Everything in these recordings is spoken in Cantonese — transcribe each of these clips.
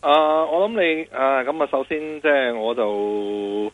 啊！我諗你啊，咁啊，首先即係、就是、我就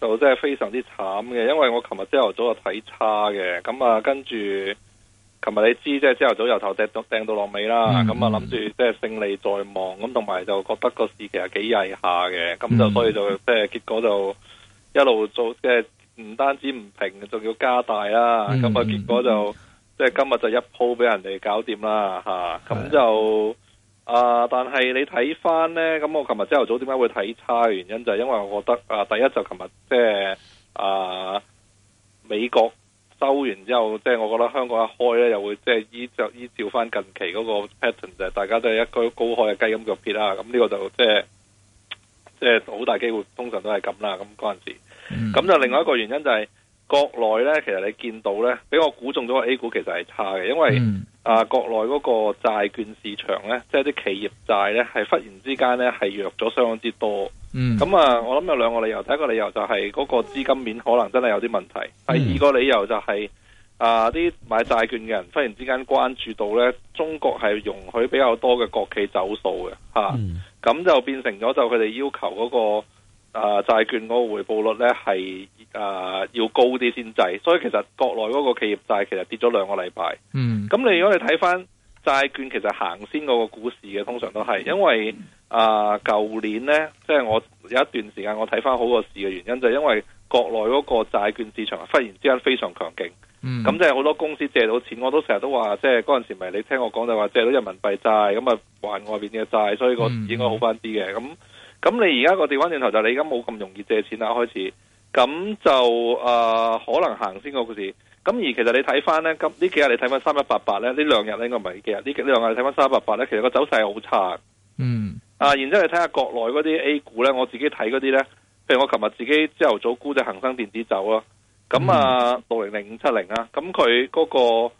就即係非常之慘嘅，因為我琴日朝頭早就睇差嘅，咁啊，跟住琴日你知，即係朝頭早由頭跌到跌到落尾啦，咁啊、嗯，諗住即係勝利在望，咁同埋就覺得個市其實幾易下嘅，咁就所以就即係、嗯、結果就一路做即係唔單止唔平，仲要加大啦，咁啊、嗯，結果就即係、嗯嗯、今日就一鋪俾人哋搞掂啦，吓、嗯、咁、啊、就。啊、呃！但係你睇翻呢，咁我琴日朝頭早點解會睇差嘅原因就係、是、因為我覺得啊、呃，第一就琴日即係啊美國收完之後，即、就、係、是、我覺得香港一開呢又會即係依着依照翻近期嗰個 pattern 就係大家都係一開高開嘅雞咁腳撇啦，咁、啊、呢個就即係即係好大機會，通常都係咁啦。咁嗰陣時，咁就另外一個原因就係、是。國內咧，其實你見到咧，俾我估中咗個 A 股，其實係差嘅，因為、嗯、啊，國內嗰個債券市場咧，即係啲企業債咧，係忽然之間咧係弱咗相當之多。咁啊、嗯，我諗有兩個理由，第一個理由就係嗰個資金面可能真係有啲問題，嗯、第二個理由就係、係、啊啲買債券嘅人忽然之間關注到咧，中國係容許比較多嘅國企走數嘅吓，咁、啊嗯、就變成咗就佢哋要求嗰、嗰個。誒、呃、債券嗰個回報率咧係誒要高啲先制，所以其實國內嗰個企業債其實跌咗兩個禮拜。嗯，咁你如果你睇翻債券，其實行先嗰個股市嘅，通常都係因為誒舊、呃、年咧，即、就、係、是、我有一段時間我睇翻好個市嘅原因，就是、因為國內嗰個債券市場忽然之間非常強勁。嗯，咁即係好多公司借到錢，我都成日都話，即係嗰陣時咪你聽我講就話借到人民幣債，咁啊還外面嘅債，所以、那個、嗯、應該好翻啲嘅。咁咁你而家個調翻轉頭，就你而家冇咁容易借錢啦開始，咁就誒、呃、可能行先個故事。咁而其實你睇翻咧，今呢幾日你睇翻三一八八咧，呢兩日咧應該唔係呢幾日，呢兩日你睇翻三一八八咧，其實個走勢好差。嗯。啊，然之後你睇下國內嗰啲 A 股咧，我自己睇嗰啲咧，譬如我琴日自己朝頭早沽隻恒生電子走啦，咁啊六零零五七零啊，咁佢嗰個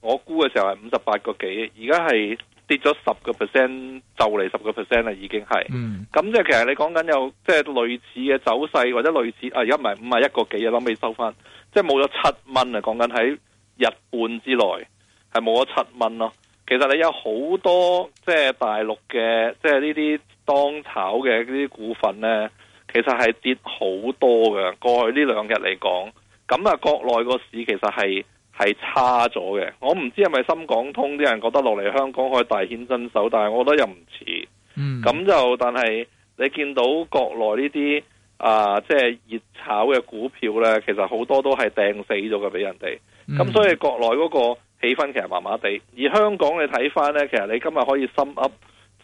我沽嘅時候係五十八個幾，而家係。跌咗十個 percent 就嚟十個 percent 啦，已經係。咁、嗯、即係其實你講緊有即係類似嘅走勢，或者類似啊，而家唔係五啊一個幾啊，啱啱收翻，即係冇咗七蚊啊！講緊喺日半之內係冇咗七蚊咯。其實你有好多即係大陸嘅，即係呢啲當炒嘅呢啲股份咧，其實係跌好多嘅。過去呢兩日嚟講，咁啊，國內個市其實係。係差咗嘅，我唔知係咪深港通啲人覺得落嚟香港可以大顯身手，但係我覺得又唔似。嗯，咁就，但係你見到國內呢啲啊，即係熱炒嘅股票呢，其實好多都係掟死咗嘅俾人哋。嗯，咁所以國內嗰個氣氛其實麻麻地。而香港你睇返呢，其實你今日可以 thumb up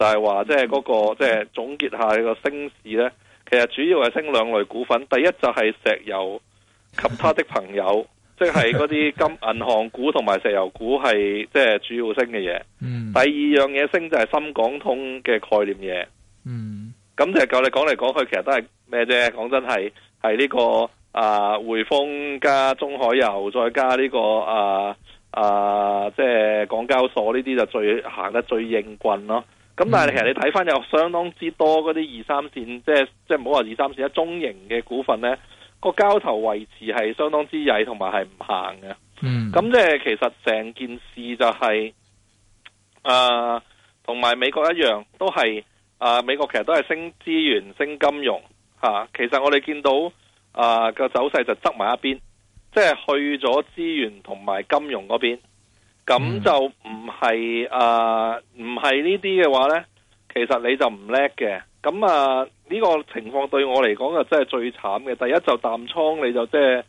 就係話即係嗰個即係總結下呢個升市呢，其實主要係升兩類股份，第一就係石油及他的朋友。啊 即係嗰啲金銀行股同埋石油股係即係主要升嘅嘢。嗯、第二樣嘢升就係深港通嘅概念嘢。咁、嗯、就教你講嚟講去，其實都係咩啫？講真係係呢個啊匯豐加中海油再加呢、這個啊啊即係、就是、港交所呢啲就最行得最應棍咯。咁、嗯、但係其實你睇翻有相當之多嗰啲二三線，即係即係唔好話二三線，一中型嘅股份咧。個交投維持係相當之曳，同埋係唔行嘅。咁、嗯、即係其實成件事就係、是、誒，同、呃、埋美國一樣，都係誒、呃、美國其實都係升資源、升金融吓、啊。其實我哋見到誒個、呃、走勢就側埋一邊，即係去咗資源同埋金融嗰邊，咁就唔係誒唔係呢啲嘅話呢，其實你就唔叻嘅。咁啊。呢個情況對我嚟講啊，真係最慘嘅。第一就淡倉你就即係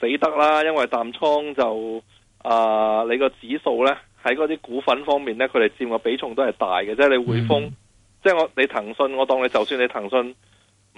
死得啦，因為淡倉就啊、呃，你個指數呢，喺嗰啲股份方面呢，佢哋佔個比重都係大嘅，即係你匯豐，嗯、即係我你騰訊，我當你就算你騰訊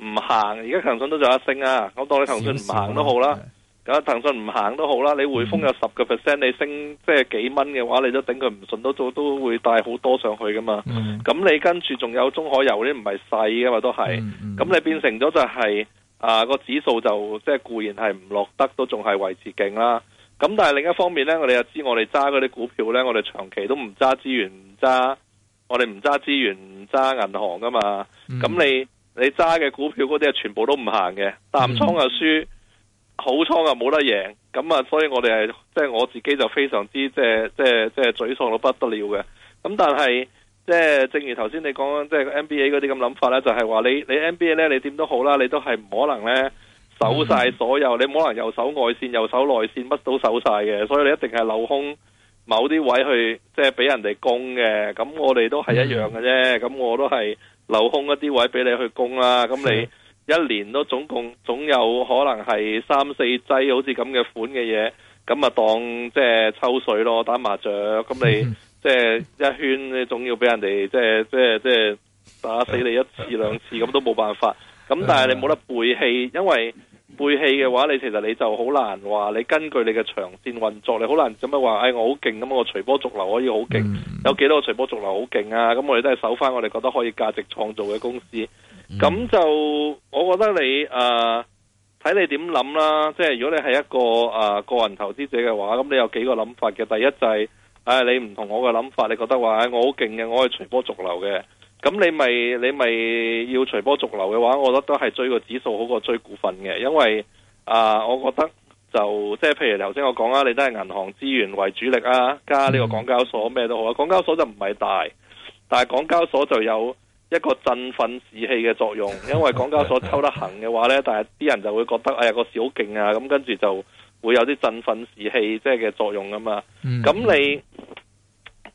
唔行，而家騰訊都仲有一升啊，我當你騰訊唔行都好啦。少少啊！騰訊唔行都好啦，你匯豐有十個 percent，你升即係幾蚊嘅話，你都頂佢唔順，都都都會帶好多上去噶嘛。咁、嗯、你跟住仲有中海油嗰啲唔係細噶嘛，都係。咁、嗯嗯、你變成咗就係、是、啊個指數就即係固然係唔落得，都仲係維持勁啦。咁但係另一方面呢，我哋又知我哋揸嗰啲股票呢，我哋長期都唔揸資源，唔揸我哋唔揸資源，唔揸銀行噶嘛。咁、嗯、你你揸嘅股票嗰啲啊，全部都唔行嘅，淡倉又輸。嗯嗯好倉又冇得贏，咁啊，所以我哋係即係我自己就非常之即係即係即係沮喪到不得了嘅。咁但係即係正如頭先你講，即係 NBA 嗰啲咁諗法咧，就係、是、話你你 NBA 咧，你點都好啦，你都係唔可能咧守晒所有，嗯、你唔可能又守外線又守內線乜都守晒嘅，所以你一定係留空某啲位去即係俾人哋攻嘅。咁我哋都係一樣嘅啫，咁、嗯、我都係留空一啲位俾你去攻啦。咁你。嗯一年都總共總有可能係三四劑好似咁嘅款嘅嘢，咁啊當即係抽水咯，打麻雀，咁你即係一圈，你總要俾人哋即係即係即係打死你一次兩次咁都冇辦法。咁但係你冇得背棄，因為背棄嘅話，你其實你就好難話你根據你嘅長線運作，你好難咁樣話，哎我好勁咁，我隨波逐流可以好勁，有幾多個隨波逐流好勁啊？咁我哋都係守翻我哋覺得可以價值創造嘅公司。咁、嗯、就我覺得你誒，睇、呃、你點諗啦。即係如果你係一個誒、呃、個人投資者嘅話，咁你有幾個諗法嘅。第一就係、是、誒、哎，你唔同我嘅諗法，你覺得話我好勁嘅，我可以隨波逐流嘅。咁你咪你咪要隨波逐流嘅話，我覺得都係追個指數好過追股份嘅，因為啊、呃，我覺得就即係譬如頭先我講啦，你都係銀行資源為主力啊，加呢個港交所咩都好啊，港交所就唔係大，但係港交所就有一個振奮士氣嘅作用，因為港交所抽得行嘅話呢，但係啲人就會覺得哎個市好勁啊，咁跟住就會有啲振奮士氣即係嘅作用啊嘛。咁、嗯、你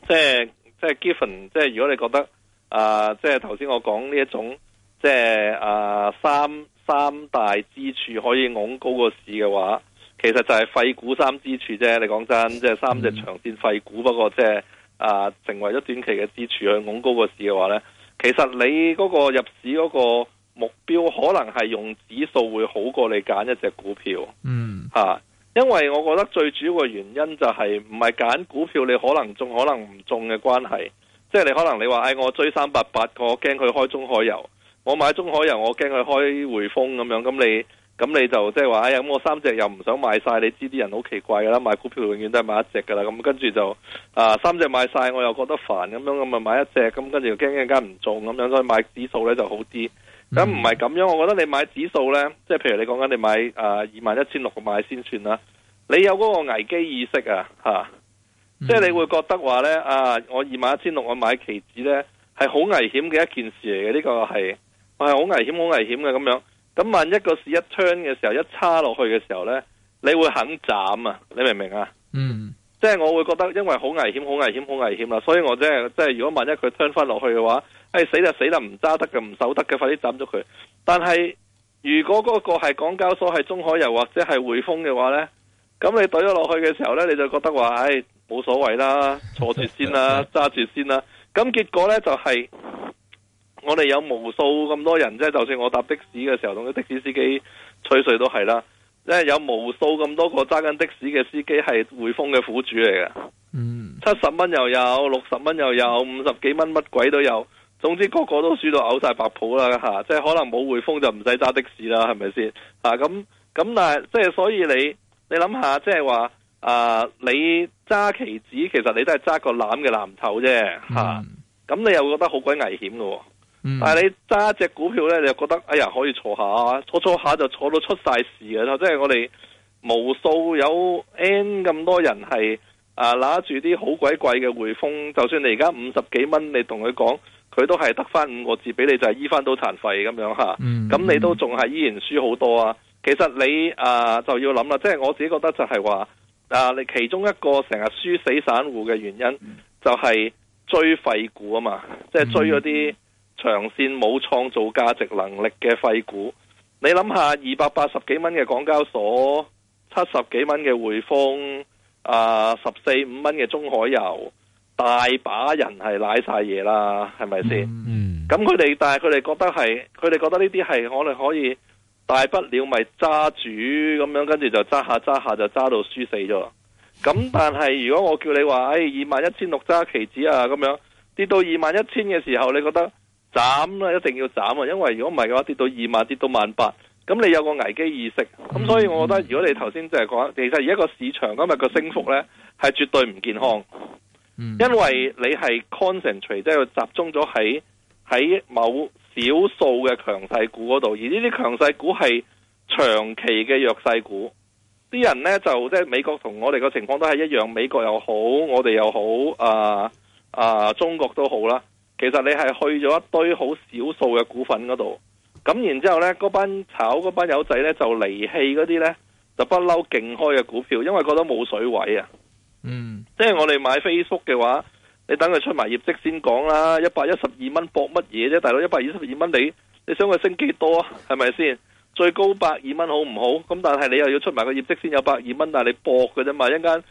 即係即係、given，即係如果你覺得啊，即係頭先我講呢一種即係啊三三大支柱可以拱高個市嘅話，其實就係廢股三支柱啫。你講真，即係三隻長線廢股，嗯、不過即係啊，成為咗短期嘅支柱去拱高個市嘅話呢。其實你嗰個入市嗰個目標，可能係用指數會好過你揀一隻股票，嗯吓、啊，因為我覺得最主要嘅原因就係唔係揀股票你可能中可能唔中嘅關係，即係你可能你話誒、哎、我追三八八，我驚佢開中海油，我買中海油我驚佢開匯豐咁樣，咁你。咁你就即係話，哎呀，咁我三隻又唔想買晒，你知啲人好奇怪噶啦，買股票永遠都係買一隻噶啦。咁跟住就啊，三隻買晒，我又覺得煩，咁樣咁咪買一隻，咁跟住又驚更加唔中，咁樣所以買指數咧就好啲。咁唔係咁樣，我覺得你買指數咧，即係譬如你講緊你買啊二萬一千六買先算啦。你有嗰個危機意識啊，吓、啊， 即係你會覺得話咧啊，我二萬一千六我買期指咧係好危險嘅一件事嚟嘅，呢、呢個係係好危險好危險嘅咁樣。咁萬一個市一 turn 嘅時候，一叉落去嘅時候呢，你會肯斬啊？你明唔明啊？嗯，即係我會覺得，因為好危險，好危險，好危險啦，所以我、就是、即係即係，如果萬一佢 turn 翻落去嘅話，誒死就死啦，唔揸得嘅，唔守得嘅，快啲斬咗佢。但係如果嗰個係港交所、係中海油或者係匯豐嘅話呢，咁你對咗落去嘅時候呢，你就覺得話，唉、哎，冇所謂啦，坐住先啦，揸住先啦。咁結果呢，就係、是。我哋有無數咁多人啫，就算我搭的士嘅時候同啲的士司機吹水都係啦，即係有無數咁多個揸緊的士嘅司機係匯豐嘅苦主嚟嘅，七十蚊又有，六十蚊又有，五十幾蚊乜鬼都有，總之個個都輸到嘔晒白泡啦吓！即係可能冇匯豐就唔使揸的士啦，係咪先？咁、啊、咁，但係即係所以你你諗下，即係話啊，你揸旗子其實你都係揸個攬嘅藍籌啫吓，咁、啊嗯、你又會覺得好鬼危險嘅喎？嗯、但係你揸隻股票呢，你就覺得哎呀可以坐下，坐坐下就坐到出晒事啦。即、就、係、是、我哋無數有 N 咁多人係、啊、拿住啲好鬼貴嘅匯豐，就算你而家五十幾蚊，你同佢講，佢都係得翻五個字俾你，就係醫翻到殘廢咁樣吓。咁、嗯嗯、你都仲係依然輸好多啊。其實你、啊、就要諗啦，即、就、係、是、我自己覺得就係話啊，你其中一個成日輸死散戶嘅原因就，就係、是、追廢股啊嘛，即係追嗰啲。嗯嗯長線冇創造價值能力嘅廢股，你諗下二百八十幾蚊嘅港交所，七十幾蚊嘅匯豐，啊、呃、十四五蚊嘅中海油，大把人係瀨晒嘢啦，係咪先？咁佢哋但係佢哋覺得係，佢哋覺得呢啲係我哋可以大不了咪揸住咁樣，跟住就揸下揸下就揸到輸死咗。咁但係如果我叫你話，誒、哎、二萬一千六揸期指啊咁樣，跌到二萬一千嘅時候，你覺得？斬啦、啊，一定要斬啊！因為如果唔係嘅話，跌到二萬，跌到萬八，咁你有個危機意識，咁所以我覺得，如果你頭先即係講，其實而家個市場今日個升幅呢，係絕對唔健康，嗯、因為你係 concentrate，即係集中咗喺喺某少數嘅強勢股嗰度，而呢啲強勢股係長期嘅弱勢股，啲人呢，就即係、就係、美國同我哋嘅情況都係一樣，美國又好，我哋又好，啊、呃、啊、呃、中國都好啦。其實你係去咗一堆好少數嘅股份嗰度，咁然之後呢，嗰班炒嗰班友仔呢，就離棄嗰啲呢，就不嬲勁開嘅股票，因為覺得冇水位啊。嗯，即係我哋買 Facebook 嘅話，你等佢出埋業績先講啦。一百一十二蚊博乜嘢啫，大佬一百一十二蚊，你你想佢升幾多啊？係咪先？最高百二蚊好唔好？咁但係你又要出埋個業績先有百二蚊，但係你博嘅啫嘛，一間。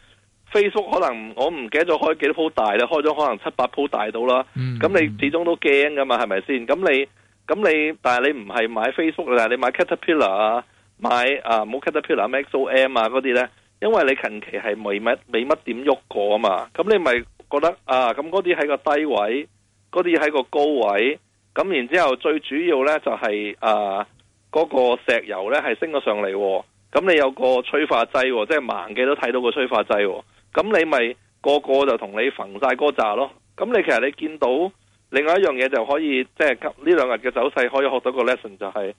Facebook 可能我唔記得咗開幾多鋪大啦，開咗可能七八鋪大到啦。咁你始終都驚噶嘛，係咪先？咁你咁你，但係你唔係買 Facebook 嘅，你買 Caterpillar 啊，買啊冇 Caterpillar 啊，買 XOM 啊嗰啲呢？因為你近期係未乜未點喐過啊嘛，咁你咪覺得啊，咁嗰啲喺個低位，嗰啲喺個高位，咁然之後最主要呢就係、係、啊嗰、嗰個石油呢係升咗上嚟，咁你有個催化劑，即係盲嘅都睇到個催化劑。咁你咪個個就同你焚晒嗰拃咯。咁你其實你見到另外一樣嘢，就可以即係呢兩日嘅走勢，可以學到個 lesson 就係、是，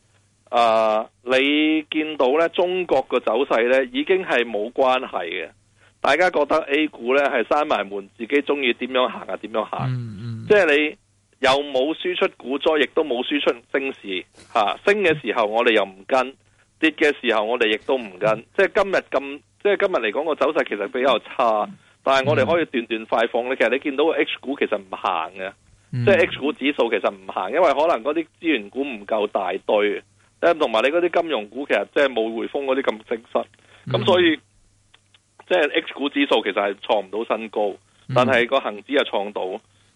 啊，你見到呢中國嘅走勢呢已經係冇關係嘅。大家覺得 A 股呢係閂埋門，自己中意點樣行啊點樣行。Mm hmm. 即係你又冇輸出股災，亦都冇輸出時、啊、升市。吓升嘅時候我哋又唔跟，跌嘅時候我哋亦都唔跟。Mm hmm. 即係今日咁。即係今日嚟講個走勢其實比較差，但係我哋可以斷斷快放咧。Mm. 其實你見到 H 股其實唔行嘅，即係、mm. H 股指數其實唔行，因為可能嗰啲資源股唔夠大堆，咁同埋你嗰啲金融股其實即係冇匯豐嗰啲咁精實，咁、mm. 所以即係、就是、H 股指數其實係創唔到新高，mm. 但係個恒指係創到。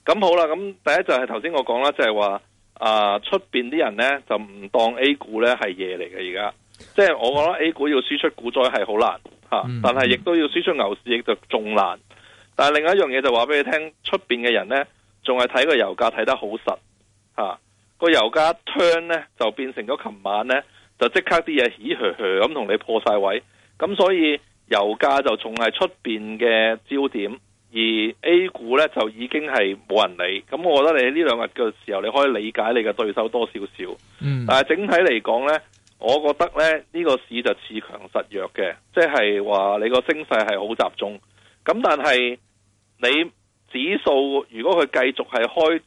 咁好啦，咁第一就係頭先我講啦，就係話啊出邊啲人咧就唔當 A 股咧係嘢嚟嘅，而家即係我覺得 A 股要輸出股災係好難。但係亦都要輸出牛市，亦就仲難。但係另一樣嘢就話俾你聽，出邊嘅人呢仲係睇個油價睇得好實。吓、啊，個油價 turn 就變成咗，琴晚呢就即刻啲嘢起靴靴咁同你破晒位。咁所以油價就仲係出邊嘅焦點，而 A 股呢就已經係冇人理。咁我覺得你呢兩日嘅時候，你可以理解你嘅對手多少少。嗯、但係整體嚟講呢。我覺得呢呢、呢個市就恃強實弱嘅，即係話你個升勢係好集中。咁但係你指數，如果佢繼續係開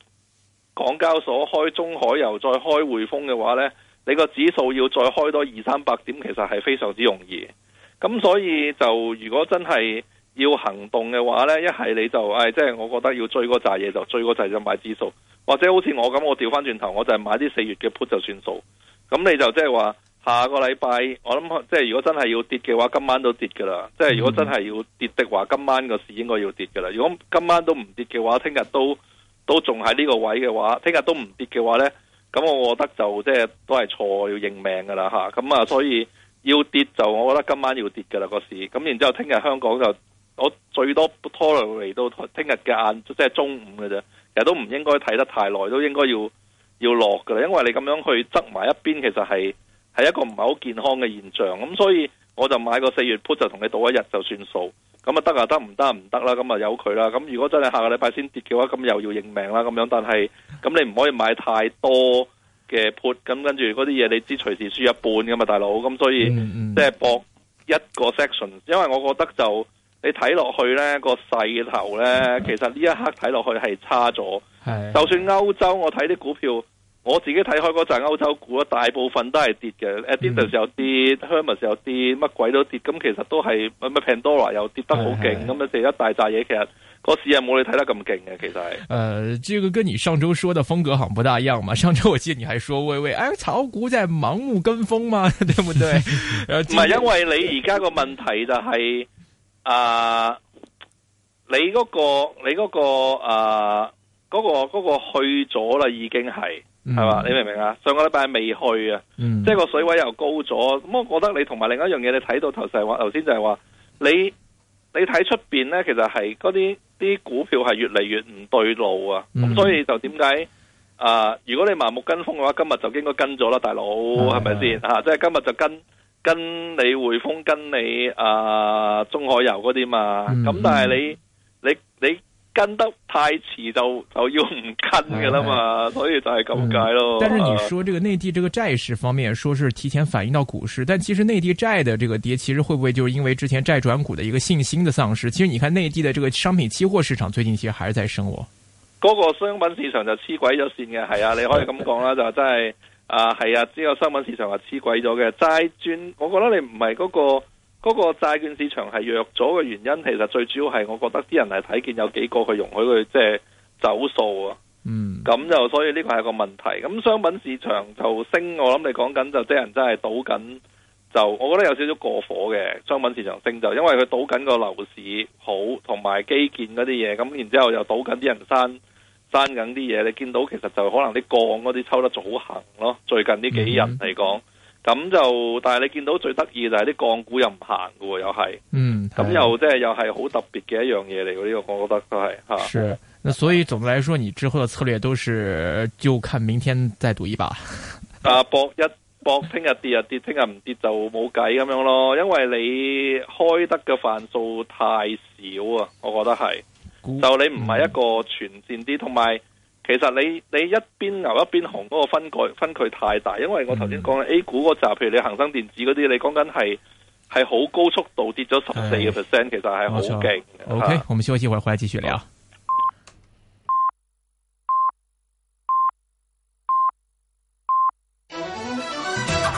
港交所、開中海油、再開匯豐嘅話呢，你個指數要再開多二三百點，其實係非常之容易。咁所以就如果真係要行動嘅話呢，一係你就誒，即、哎、係、就是、我覺得要追嗰扎嘢就追嗰扎就買指數，或者好似我咁，我調翻轉頭我就係買啲四月嘅 put 就算數。咁你就即係話，下個禮拜我諗即係如果真係要跌嘅話，今晚都跌㗎啦。即係如果真係要跌嘅話，今晚個、就是、市應該要跌嘅啦。如果今晚都唔跌嘅話，聽日都都仲喺呢個位嘅話，聽日都唔跌嘅話呢，咁我覺得就即、就、係、是、都係錯，要認命㗎啦吓，咁啊，所以要跌就，我覺得今晚要跌㗎啦、那個市。咁然之後，聽日香港就我最多拖嚟到聽日嘅晏，即、就、係、是、中午嘅啫，其實都唔應該睇得太耐，都應該要。要落㗎啦，因為你咁樣去執埋一邊，其實係係一個唔係好健康嘅現象。咁所以我就買個四月 put 就同你賭一日就算數，咁啊得啊得唔得，唔得啦，咁啊由佢啦。咁如果真係下個禮拜先跌嘅話，咁又要認命啦咁樣。但係咁你唔可以買太多嘅 put，咁跟住嗰啲嘢你知隨時輸一半㗎嘛，大佬。咁所以即係博一個 section，因為我覺得就你睇落去呢、個勢頭呢，其實呢一刻睇落去係差咗。係，就算歐洲我睇啲股票。我自己睇開嗰陣歐洲股，大部分都係跌嘅。Adidas 有、嗯、跌，Hermes 有跌，乜鬼都跌。咁其實都係，乜乜 Pandora 又跌得好勁。咁樣、哎哎，成一大扎嘢，其實個市係冇你睇得咁勁嘅，其實係。誒、呃，這個跟你上周說嘅風格好像不大一樣嘛。上周我記得你還說喂喂，誒、哎，炒股就係盲目跟風嘛， 對唔對？唔係 因為你而家個問題就係、是，誒、呃，你嗰、那個你嗰、那個誒，嗰、呃那個嗰、那個去咗啦，已經係。係嘛、mm hmm.？你明唔明啊？上個禮拜未去啊，mm hmm. 即係個水位又高咗。咁我覺得你同埋另一樣嘢，你睇到頭先就係話，頭先就係話你你睇出邊咧，其實係嗰啲啲股票係越嚟越唔對路啊。咁、mm hmm. 所以就點解啊？如果你盲目跟風嘅話，今日就應該跟咗啦，大佬係咪先吓？即係今日就跟跟你匯豐、跟你啊、呃、中海油嗰啲嘛。咁、mm hmm. 但係你你你。你你跟得太遲就就要唔跟噶啦嘛，嗯、所以就係咁解咯、嗯。但是你說這個內地這個債市方面，說是提前反映到股市，但其實內地債的這個跌，其實會不會就是因為之前債轉股的一個信心的喪失？其實你看內地的這個商品期貨市場最近其實還是在升哦。嗰個商品市場就黐鬼咗線嘅。係啊，你可以咁講啦，就真係啊，係啊，只、這、有、個、商品市場係黐鬼咗嘅債轉，我覺得你唔係嗰個。嗰個債券市場係弱咗嘅原因，其實最主要係我覺得啲人係睇見有幾個佢容許佢即係走數啊。嗯，咁就所以呢個係個問題。咁商品市場就升，我諗你講緊就啲人真係賭緊，就我覺得有少少過火嘅商品市場升就，因為佢賭緊個樓市好，同埋基建嗰啲嘢。咁然之後又賭緊啲人刪刪緊啲嘢，你見到其實就可能啲降嗰啲抽得早行咯。最近呢幾日嚟講。嗯嗯。咁就，但係你見到最得意就係啲鋼股又唔行㗎喎，又係，嗯，咁又即係又係好特別嘅一樣嘢嚟嘅呢個，我覺得都係吓。啊、是。那所以總嘅來說，你之後嘅策略都是就看明天再賭一把。啊，搏一搏，聽日跌啊跌，聽日唔跌就冇計咁樣咯，因為你開得嘅範數太少啊，我覺得係。就你唔係一個全線啲、嗯，同埋。其實你你一邊牛一邊熊嗰個分概分距太大，因為我頭先講嘅 A 股嗰集，譬如你恒生電子嗰啲，你講緊係係好高速度跌咗十四個 percent，其實係好勁。我說啊、OK，我們休息一會，回來繼續聊。